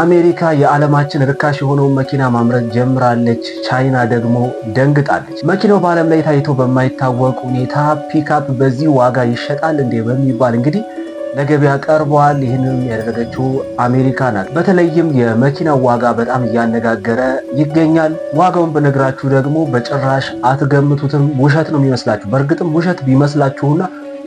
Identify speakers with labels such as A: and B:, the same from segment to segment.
A: አሜሪካ የዓለማችን ርካሽ የሆነውን መኪና ማምረት ጀምራለች። ቻይና ደግሞ ደንግጣለች። መኪናው በዓለም ላይ ታይቶ በማይታወቅ ሁኔታ ፒካፕ በዚህ ዋጋ ይሸጣል እንዴ በሚባል እንግዲህ ለገበያ ቀርበዋል። ይህንም ያደረገችው አሜሪካ ናት። በተለይም የመኪናው ዋጋ በጣም እያነጋገረ ይገኛል። ዋጋውን ብነግራችሁ ደግሞ በጭራሽ አትገምቱትም፣ ውሸት ነው የሚመስላችሁ። በእርግጥም ውሸት ቢመስላችሁና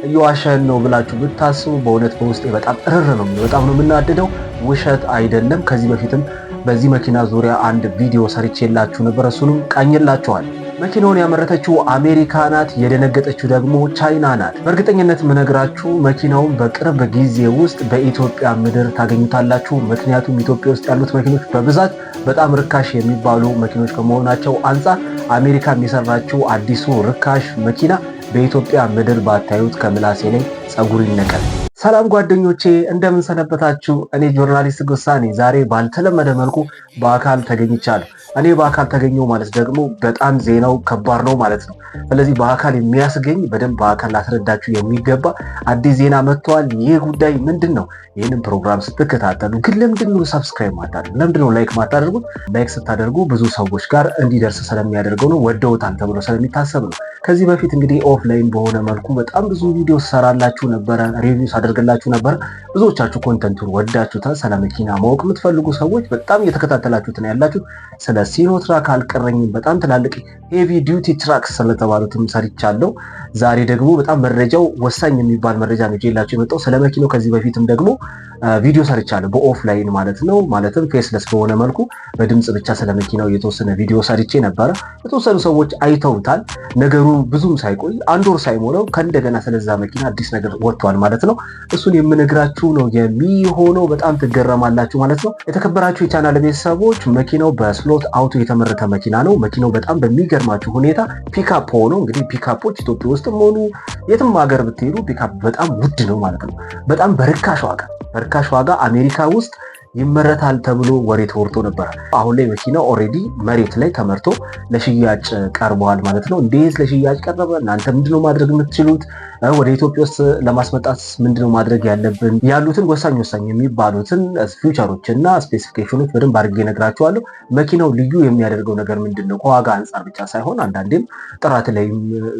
A: እየዋሸን ነው ብላችሁ ብታስቡ በእውነት በውስጤ በጣም እርር ነው፣ በጣም ነው የምናደደው። ውሸት አይደለም። ከዚህ በፊትም በዚህ መኪና ዙሪያ አንድ ቪዲዮ ሰርቼላችሁ ነበር፣ እሱንም ቃኝላችኋል። መኪናውን ያመረተችው አሜሪካ ናት፣ የደነገጠችው ደግሞ ቻይና ናት። በእርግጠኝነት የምነግራችሁ መኪናውን በቅርብ ጊዜ ውስጥ በኢትዮጵያ ምድር ታገኙታላችሁ። ምክንያቱም ኢትዮጵያ ውስጥ ያሉት መኪኖች በብዛት በጣም ርካሽ የሚባሉ መኪኖች ከመሆናቸው አንጻር አሜሪካ የሚሰራችው አዲሱ ርካሽ መኪና በኢትዮጵያ ምድር ባታዩት ከምላሴ ላይ ጸጉር ይነቀል። ሰላም ጓደኞቼ እንደምንሰነበታችሁ እኔ ጆርናሊስት ጎሳኔ ዛሬ ባልተለመደ መልኩ በአካል ተገኝቻለሁ። እኔ በአካል ተገኘው ማለት ደግሞ በጣም ዜናው ከባድ ነው ማለት ነው። ስለዚህ በአካል የሚያስገኝ በደንብ በአካል ላስረዳችሁ የሚገባ አዲስ ዜና መጥተዋል። ይህ ጉዳይ ምንድን ነው? ይህንን ፕሮግራም ስትከታተሉ ግን ለምንድን ነው ሰብስክራይብ ማታደርጉ? ለምንድን ነው ላይክ ማታደርጉ? ላይክ ስታደርጉ ብዙ ሰዎች ጋር እንዲደርስ ስለሚያደርገው ነው፣ ወደውታል ተብሎ ስለሚታሰብ ነው። ከዚህ በፊት እንግዲህ ኦፍላይን በሆነ መልኩ በጣም ብዙ ቪዲዮ ሰራላችሁ ነበረ፣ ሪቪው ሳደርግላችሁ ነበረ። ብዙዎቻችሁ ኮንተንቱን ወዳችሁታል። ስለ መኪና ማወቅ የምትፈልጉ ሰዎች በጣም እየተከታተላችሁት ነው ያላችሁ ስለ ሲኖ ትራክ አልቀረኝም። በጣም ትላልቅ ሄቪ ዲዩቲ ትራክስ ስለተባሉትም ሰርቻለሁ። ዛሬ ደግሞ በጣም መረጃው ወሳኝ የሚባል መረጃ ነው ይዤላችሁ የመጣው ስለ መኪናው። ከዚህ በፊትም ደግሞ ቪዲዮ ሰርቻለሁ በኦፍላይን ማለት ነው። ማለትም ፌስለስ በሆነ መልኩ በድምፅ ብቻ ስለ መኪናው የተወሰነ ቪዲዮ ሰርቼ ነበረ። የተወሰኑ ሰዎች አይተውታል። ነገሩ ብዙም ሳይቆይ አንድ ወር ሳይሞላው ከእንደገና ስለዛ መኪና አዲስ ነገር ወጥቷል ማለት ነው። እሱን የምነግራችሁ ነው የሚሆነው። በጣም ትገረማላችሁ ማለት ነው። የተከበራችሁ የቻናል ቤተሰቦች መኪናው በስሎት አውቶ የተመረተ መኪና ነው። መኪናው በጣም በሚገርማችሁ ሁኔታ ፒካፕ ሆኖ እንግዲህ ፒካፖች ኢትዮጵያ ውስጥ ሆኑ የትም ሀገር ብትሄዱ ፒካፕ በጣም ውድ ነው ማለት ነው። በጣም በርካሽ ዋጋ በርካሽ ዋጋ አሜሪካ ውስጥ ይመረታል ተብሎ ወሬ ተወርቶ ነበረ። አሁን ላይ መኪናው ኦልሬዲ መሬት ላይ ተመርቶ ለሽያጭ ቀርበዋል ማለት ነው። እንዴት ለሽያጭ ቀረበ? እናንተ ምንድነው ማድረግ የምትችሉት? ወደ ኢትዮጵያ ውስጥ ለማስመጣት ምንድነው ማድረግ ያለብን? ያሉትን ወሳኝ ወሳኝ የሚባሉትን ፊውቸሮች እና ስፔሲፊኬሽኖች በደንብ አድርጌ እነግራቸዋለሁ። መኪናው ልዩ የሚያደርገው ነገር ምንድን ነው? ከዋጋ አንጻር ብቻ ሳይሆን አንዳንዴም ጥራት ላይም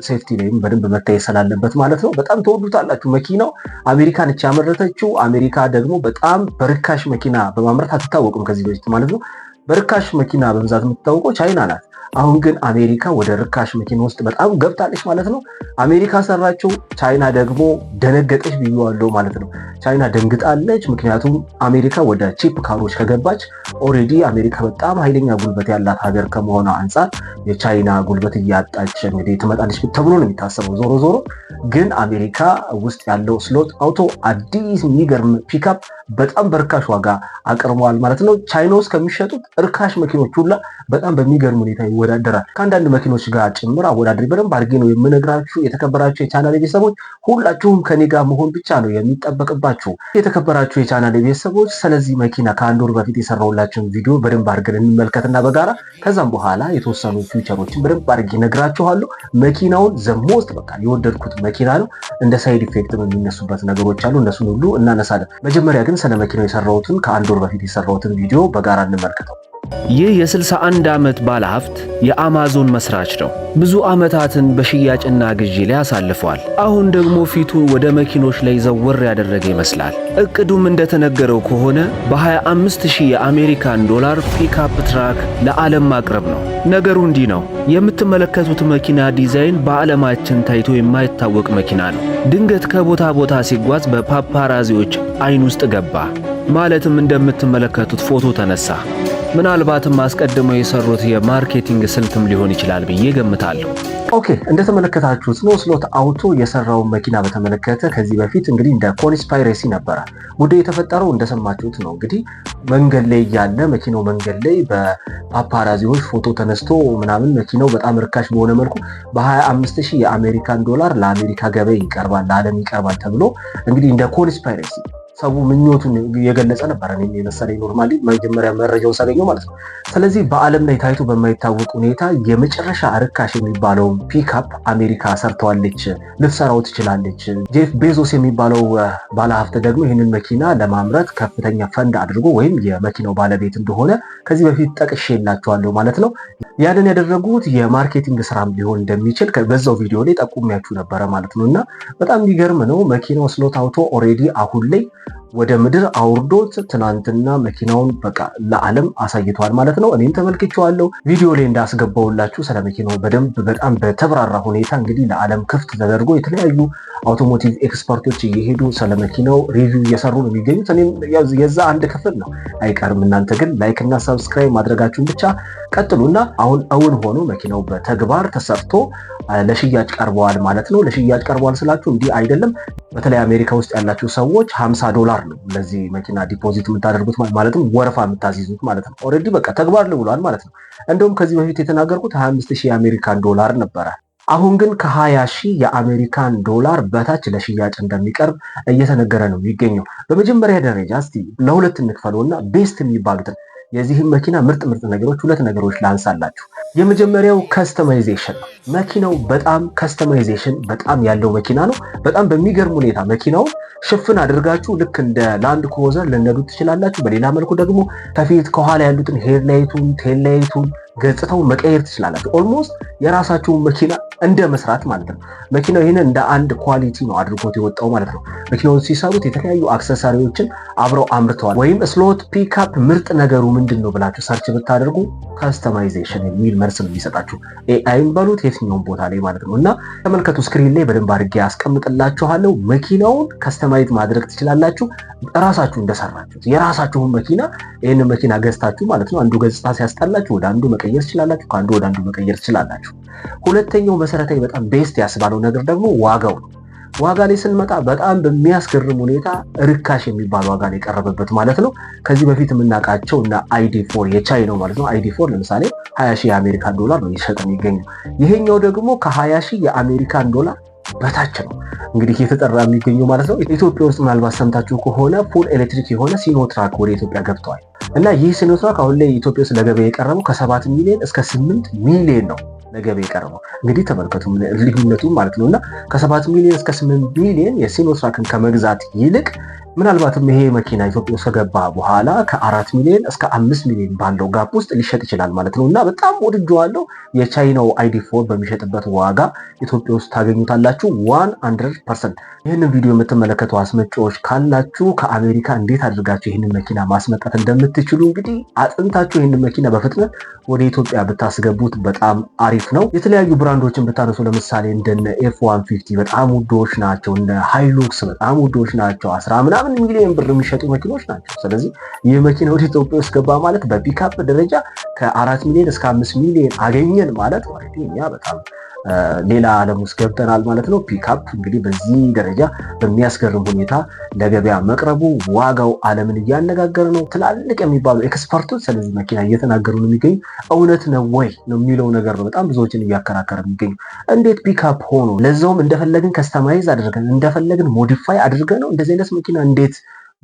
A: ሴፍቲ ላይም በደንብ መታየት ስላለበት ማለት ነው። በጣም ተወዱታላችሁ። መኪናው አሜሪካን ያመረተችው አሜሪካ ደግሞ በጣም በርካሽ መኪና በማምረት አትታወቅም ከዚህ በፊት ማለት ነው። በርካሽ መኪና በብዛት የምትታወቀው ቻይና ናት። አሁን ግን አሜሪካ ወደ ርካሽ መኪና ውስጥ በጣም ገብታለች ማለት ነው። አሜሪካ ሰራቸው፣ ቻይና ደግሞ ደነገጠች ብዬዋለሁ ማለት ነው። ቻይና ደንግጣለች። ምክንያቱም አሜሪካ ወደ ቺፕ ካሮች ከገባች ኦልሬዲ አሜሪካ በጣም ኃይለኛ ጉልበት ያላት ሀገር ከመሆኗ አንጻር የቻይና ጉልበት እያጣች እንግዲህ ትመጣለች ተብሎ ነው የሚታሰበው። ዞሮ ዞሮ ግን አሜሪካ ውስጥ ያለው ስሎት አውቶ አዲስ የሚገርም ፒካፕ በጣም በርካሽ ዋጋ አቅርበዋል ማለት ነው። ቻይና ውስጥ ከሚሸጡት እርካሽ መኪኖች ሁላ በጣም በሚገርም ሁኔታ ይወዳደራል። ከአንዳንድ መኪኖች ጋር ጭምር አወዳደሪ። በደንብ አድርጌ ነው የምነግራችሁ የተከበራችሁ የቻናል ቤተሰቦች፣ ሁላችሁም ከኔ ጋር መሆን ብቻ ነው የሚጠበቅባችሁ የተከበራችሁ የቻናል ቤተሰቦች። ስለዚህ መኪና ከአንድ ወር በፊት የሰራሁላችሁን ቪዲዮ በደንብ አድርገን እንመልከትና በጋራ ከዛም በኋላ የተወሰኑ ፊውቸሮችን በደንብ አድርጌ እነግራችኋለሁ። መኪናውን ዘሞስት በቃ የወደድኩት መኪና ነው። እንደ ሳይድ ኢፌክትም የሚነሱበት ነገሮች አሉ። እነሱን ሁሉ እናነሳለን። መጀመሪያ ግን ስለ መኪናው የሰራሁትን ከአንድ ወር በፊት የሰራሁትን ቪዲዮ በጋራ እንመልከተው። ይህ የ61 ዓመት ባለሀብት የአማዞን መስራች ነው። ብዙ ዓመታትን በሽያጭና ግዢ ላይ አሳልፏል። አሁን ደግሞ ፊቱ ወደ መኪኖች ላይ ዘወር ያደረገ ይመስላል። እቅዱም እንደተነገረው ከሆነ በ25000 የአሜሪካን ዶላር ፒክአፕ ትራክ ለዓለም ማቅረብ ነው። ነገሩ እንዲህ ነው። የምትመለከቱት መኪና ዲዛይን በዓለማችን ታይቶ የማይታወቅ መኪና ነው። ድንገት ከቦታ ቦታ ሲጓዝ በፓፓራዚዎች አይን ውስጥ ገባ። ማለትም እንደምትመለከቱት ፎቶ ተነሳ። ምናልባትም አስቀድመው የሰሩት የማርኬቲንግ ስልትም ሊሆን ይችላል ብዬ ገምታለሁ። ኦኬ እንደተመለከታችሁት ነው ስሎት አውቶ የሰራውን መኪና በተመለከተ ከዚህ በፊት እንግዲህ እንደ ኮንስፓይሬሲ ነበረ ጉዳይ የተፈጠረው እንደሰማችሁት ነው። እንግዲህ መንገድ ላይ እያለ መኪናው መንገድ ላይ በፓፓራዚዎች ፎቶ ተነስቶ ምናምን መኪናው በጣም ርካሽ በሆነ መልኩ በ25 ሺህ የአሜሪካን ዶላር ለአሜሪካ ገበያ ይቀርባል፣ ለዓለም ይቀርባል ተብሎ እንግዲህ እንደ ኮንስፓይሬሲ ሰው ምኞቱን የገለጸ ነበረ። የመሰለኝ ኖርማሊ መጀመሪያ መረጃውን ሳገኘው ማለት ነው። ስለዚህ በዓለም ላይ ታይቶ በማይታወቅ ሁኔታ የመጨረሻ ርካሽ የሚባለው ፒክአፕ አሜሪካ ሰርተዋለች፣ ልትሰራው ትችላለች። ጄፍ ቤዞስ የሚባለው ባለሀብት ደግሞ ይህንን መኪና ለማምረት ከፍተኛ ፈንድ አድርጎ ወይም የመኪናው ባለቤት እንደሆነ ከዚህ በፊት ጠቅሼላቸዋለሁ ማለት ነው። ያንን ያደረጉት የማርኬቲንግ ስራም ሊሆን እንደሚችል በዛው ቪዲዮ ላይ ጠቁሚያችሁ ነበረ ማለት ነው። እና በጣም የሚገርም ነው። መኪናው ስሎት አውቶ ኦሬዲ አሁን ላይ ወደ ምድር አውርዶት ትናንትና መኪናውን በቃ ለዓለም አሳይተዋል ማለት ነው። እኔም ተመልክቼዋለሁ ቪዲዮ ላይ እንዳስገባውላችሁ ስለ መኪናው በደንብ በጣም በተብራራ ሁኔታ እንግዲህ ለዓለም ክፍት ተደርጎ የተለያዩ አውቶሞቲቭ ኤክስፐርቶች እየሄዱ ስለ መኪናው ሪቪው እየሰሩ ነው የሚገኙት። እኔም የዛ አንድ ክፍል ነው አይቀርም። እናንተ ግን ላይክ እና ሰብስክራይብ ማድረጋችሁን ብቻ ቀጥሉና አሁን እውን ሆኖ መኪናው በተግባር ተሰርቶ ለሽያጭ ቀርበዋል ማለት ነው። ለሽያጭ ቀርበዋል ስላችሁ እንዲህ አይደለም። በተለይ አሜሪካ ውስጥ ያላችሁ ሰዎች 50 ዶላር ተግባር ነው። ለዚህ መኪና ዲፖዚት የምታደርጉት ማለትም ወረፋ የምታስይዙት ማለት ነው። ኦልሬዲ በቃ ተግባር ላይ ውሏል ማለት ነው። እንደውም ከዚህ በፊት የተናገርኩት 25 ሺህ የአሜሪካን ዶላር ነበረ። አሁን ግን ከ20 ሺህ የአሜሪካን ዶላር በታች ለሽያጭ እንደሚቀርብ እየተነገረ ነው የሚገኘው። በመጀመሪያ ደረጃ እስቲ ለሁለት እንክፈለው እና ቤስት የሚባሉትን የዚህም መኪና ምርጥ ምርጥ ነገሮች ሁለት ነገሮች ላንሳላችሁ። የመጀመሪያው ከስተማይዜሽን ነው። መኪናው በጣም ከስተማይዜሽን በጣም ያለው መኪና ነው። በጣም በሚገርም ሁኔታ መኪናውን ሽፍን አድርጋችሁ ልክ እንደ ላንድ ክሩዘር ልነዱት ትችላላችሁ። በሌላ መልኩ ደግሞ ከፊት ከኋላ ያሉትን ሄድላይቱን፣ ቴልላይቱን ገጽታውን መቀየር ትችላላችሁ። ኦልሞስት የራሳችሁን መኪና እንደ መስራት ማለት ነው። መኪናው ይህንን እንደ አንድ ኳሊቲ ነው አድርጎት የወጣው ማለት ነው። መኪናውን ሲሰሩት የተለያዩ አክሰሳሪዎችን አብረው አምርተዋል። ወይም ስሎት ፒክአፕ ምርጥ ነገሩ ምንድን ነው ብላችሁ ሰርች ብታደርጉ ካስተማይዜሽን የሚል መርስ ነው የሚሰጣችሁ። ኤአይም በሉት የትኛውም ቦታ ላይ ማለት ነው። እና ተመልከቱ፣ ስክሪን ላይ በደንብ አድርጌ ያስቀምጥላችኋለሁ። መኪናውን ከስተማይዝ ማድረግ ትችላላችሁ። ራሳችሁ እንደሰራችሁት የራሳችሁን መኪና ይህንን መኪና ገዝታችሁ ማለት ነው። አንዱ ገጽታ ሲያስጠላችሁ ወደ አንዱ መቀየር ትችላላችሁ። ከአንዱ ወደ አንዱ መቀየር ትችላላችሁ። ሁለተኛው መሰረታዊ በጣም ቤስት ያስባለው ነገር ደግሞ ዋጋው ነው። ዋጋ ላይ ስንመጣ በጣም በሚያስገርም ሁኔታ ርካሽ የሚባል ዋጋ ላይ የቀረበበት ማለት ነው። ከዚህ በፊት የምናውቃቸው እና አይዲ ፎር የቻይ ነው ማለት ነው። አይዲ ፎር ለምሳሌ ሀያ ሺህ የአሜሪካን ዶላር ነው ይሸጥ የሚገኘው። ይሄኛው ደግሞ ከሀያ ሺህ የአሜሪካን ዶላር በታች ነው እንግዲህ የተጠራ የሚገኘው ማለት ነው። ኢትዮጵያ ውስጥ ምናልባት ሰምታችሁ ከሆነ ፉል ኤሌክትሪክ የሆነ ሲኖትራክ ወደ ኢትዮጵያ ገብተዋል እና ይህ ሲኖትራክ አሁን ላይ ኢትዮጵያ ውስጥ ለገበያ የቀረበው ከሰባት ሚሊዮን እስከ ስምንት ሚሊዮን ነው። ለገበያ የቀረበው እንግዲህ ተመልከቱ ልዩነቱ ማለት ነው እና ከሰባት ሚሊዮን እስከ ስምንት ሚሊዮን የሲኖትራክን ከመግዛት ይልቅ ምናልባትም ይሄ መኪና ኢትዮጵያ ውስጥ ከገባ በኋላ ከአራት ሚሊዮን እስከ አምስት ሚሊዮን ባለው ጋፕ ውስጥ ሊሸጥ ይችላል ማለት ነው እና በጣም አለው የቻይናው አይዲ ፎር በሚሸጥበት ዋጋ ኢትዮጵያ ውስጥ ታገኙታላችሁ ዋን ሀንድረድ ፐርሰንት። ይህንን ቪዲዮ የምትመለከቱ አስመጪዎች ካላችሁ ከአሜሪካ እንዴት አድርጋችሁ ይህንን መኪና ማስመጣት እንደምትችሉ እንግዲህ አጥንታችሁ ይህንን መኪና በፍጥነት ወደ ኢትዮጵያ ብታስገቡት በጣም አሪፍ አሪፍ ነው። የተለያዩ ብራንዶችን ብታነሱ ለምሳሌ እንደነ ኤፍ ዋን ፊፍቲ በጣም ውዶች ናቸው። እንደ ሃይሉክስ በጣም ውዶች ናቸው። አስራ ምናምን ሚሊዮን ብር የሚሸጡ መኪኖች ናቸው። ስለዚህ ይህ መኪና ወደ ኢትዮጵያ ውስጥ ገባ ማለት በፒካፕ ደረጃ ከአራት ሚሊዮን እስከ አምስት ሚሊዮን አገኘን ማለት እኛ በጣም ሌላ ዓለም ውስጥ ገብተናል ማለት ነው። ፒካፕ እንግዲህ በዚህ ደረጃ በሚያስገርም ሁኔታ ለገበያ መቅረቡ ዋጋው ዓለምን እያነጋገረ ነው። ትላልቅ የሚባሉ ኤክስፐርቶች ስለዚህ መኪና እየተናገሩ ነው የሚገኙ። እውነት ነው ወይ ነው የሚለው ነገር ነው በጣም ብዙዎችን እያከራከረ የሚገኙ። እንዴት ፒካፕ ሆኖ ለዛውም እንደፈለግን ከስተማይዝ አድርገን እንደፈለግን ሞዲፋይ አድርገ ነው እንደዚህ አይነት መኪና እንዴት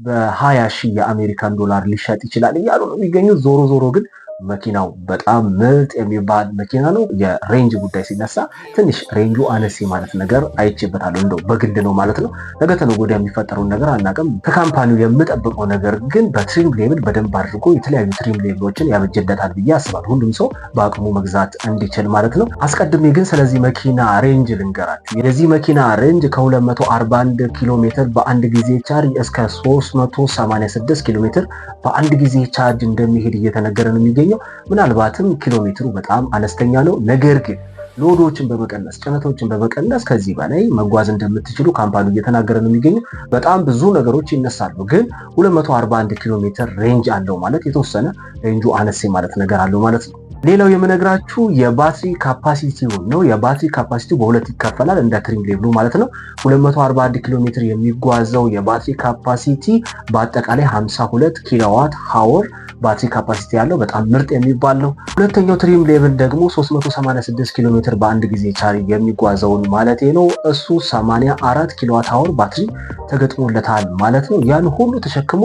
A: በሀያ ሺህ የአሜሪካን ዶላር ሊሸጥ ይችላል እያሉ ነው የሚገኙት ዞሮ ዞሮ ግን መኪናው በጣም ምርጥ የሚባል መኪና ነው። የሬንጅ ጉዳይ ሲነሳ ትንሽ ሬንጁ አነስ ማለት ነገር አይቼበታለሁ። እንደው በግል ነው ማለት ነው። ነገ ተነገ ወዲያ የሚፈጠረውን ነገር አናውቅም። ከካምፓኒው የምጠብቀው ነገር ግን በትሪም ሌብል በደንብ አድርጎ የተለያዩ ትሪም ሌብሎችን ያበጀለታል ብዬ አስባለሁ። ሁሉም ሰው በአቅሙ መግዛት እንዲችል ማለት ነው። አስቀድሜ ግን ስለዚህ መኪና ሬንጅ ልንገራችሁ። የዚህ መኪና ሬንጅ ከ241 ኪሎ ሜትር በአንድ ጊዜ ቻርጅ እስከ 386 ኪሎ ሜትር በአንድ ጊዜ ቻርጅ እንደሚሄድ እየተነገረ ነው የሚገኝ የሚገኘው። ምናልባትም ኪሎ ሜትሩ በጣም አነስተኛ ነው። ነገር ግን ሎዶችን በመቀነስ ጭነቶችን በመቀነስ ከዚህ በላይ መጓዝ እንደምትችሉ ካምፓኒ እየተናገረ ነው የሚገኙ በጣም ብዙ ነገሮች ይነሳሉ፣ ግን 241 ኪሎ ሜትር ሬንጅ አለው ማለት የተወሰነ ሬንጁ አነሴ ማለት ነገር አለው ማለት ነው። ሌላው የምነግራችሁ የባትሪ ካፓሲቲውን ነው። የባትሪ ካፓሲቲው በሁለት ይከፈላል እንደ ትሪም ሌብሉ ማለት ነው። 241 ኪሎ ሜትር የሚጓዘው የባትሪ ካፓሲቲ በአጠቃላይ 52 ኪሎዋት ሀወር ባትሪ ካፓሲቲ ያለው በጣም ምርጥ የሚባል ነው። ሁለተኛው ትሪም ሌቭል ደግሞ 386 ኪሎ ሜትር በአንድ ጊዜ ቻርጅ የሚጓዘውን ማለት ነው። እሱ 84 ኪሎዋት አወር ባትሪ ተገጥሞለታል ማለት ነው። ያን ሁሉ ተሸክሞ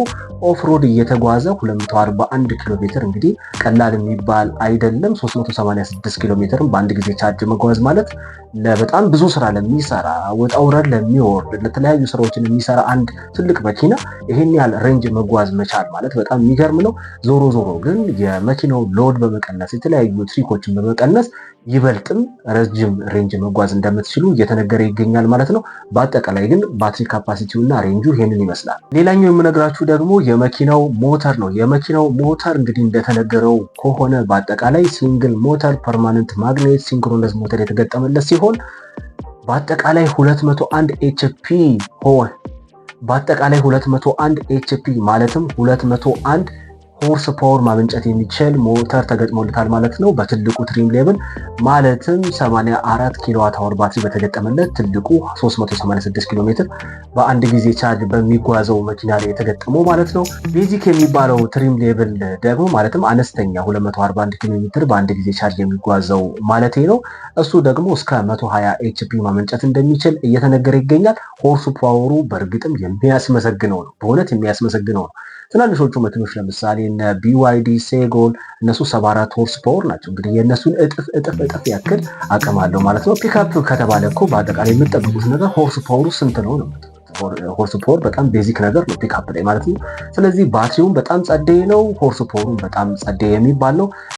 A: ኦፍሮድ እየተጓዘ 241 ኪሎ ሜትር እንግዲህ ቀላል የሚባል አይደለም። 386 ኪሎ ሜትርን በአንድ ጊዜ ቻርጅ መጓዝ ማለት ለበጣም ብዙ ስራ ለሚሰራ ወጣ ውረድ ለሚወርድ ለተለያዩ ስራዎችን የሚሰራ አንድ ትልቅ መኪና ይሄን ያህል ሬንጅ መጓዝ መቻል ማለት በጣም የሚገርም ነው። ዞሮ ዞሮ ግን የመኪናው ሎድ በመቀነስ የተለያዩ ትሪኮችን በመቀነስ ይበልጥም ረጅም ሬንጅ መጓዝ እንደምትችሉ እየተነገረ ይገኛል ማለት ነው። በአጠቃላይ ግን ባትሪ ካፓሲቲው እና ሬንጁ ይሄንን ይመስላል። ሌላኛው የምነግራችሁ ደግሞ የመኪናው ሞተር ነው። የመኪናው ሞተር እንግዲህ እንደተነገረው ከሆነ በአጠቃላይ ሲንግል ሞተር ፐርማነንት ማግኔት ሲንክሮነስ ሞተር የተገጠመለት ሲሆን በአጠቃላይ 201 ኤችፒ ሆን በአጠቃላይ 201 ኤችፒ ማለትም 201 ሆርስ ፓወር ማመንጨት የሚችል ሞተር ተገጥሞለታል ማለት ነው። በትልቁ ትሪም ሌብል ማለትም 84 ኪሎዋት አወር ባትሪ በተገጠመለት ትልቁ 386 ኪሎ ሜትር በአንድ ጊዜ ቻርጅ በሚጓዘው መኪና ላይ የተገጠመው ማለት ነው። ቤዚክ የሚባለው ትሪም ሌብል ደግሞ ማለትም አነስተኛ 241 ኪሎ ሜትር በአንድ ጊዜ ቻርጅ የሚጓዘው ማለት ነው። እሱ ደግሞ እስከ 120 ኤችፒ ማመንጨት እንደሚችል እየተነገረ ይገኛል። ሆርስ ፓወሩ በእርግጥም የሚያስመሰግነው ነው። በእውነት የሚያስመሰግነው ነው። ትናንሾቹ መኪኖች ለምሳሌ እነ ቢዋይዲ ሴጎል እነሱ ሰባ አራት ሆርስ ፓወር ናቸው። እንግዲህ የእነሱን እጥፍ እጥፍ እጥፍ ያክል አቅም አለው ማለት ነው። ፒክአፕ ከተባለ እኮ በአጠቃላይ የምጠብቁት ነገር ሆርስ ፓወሩ ስንት ነው ነው ሆርስ ፖወር በጣም ቤዚክ ነገር ነው ፒክአፕ ላይ ማለት ነው። ስለዚህ ባትሪውም በጣም ጸደይ ነው። ሆርስ ፖወሩም በጣም ጸደይ የሚባል ነው።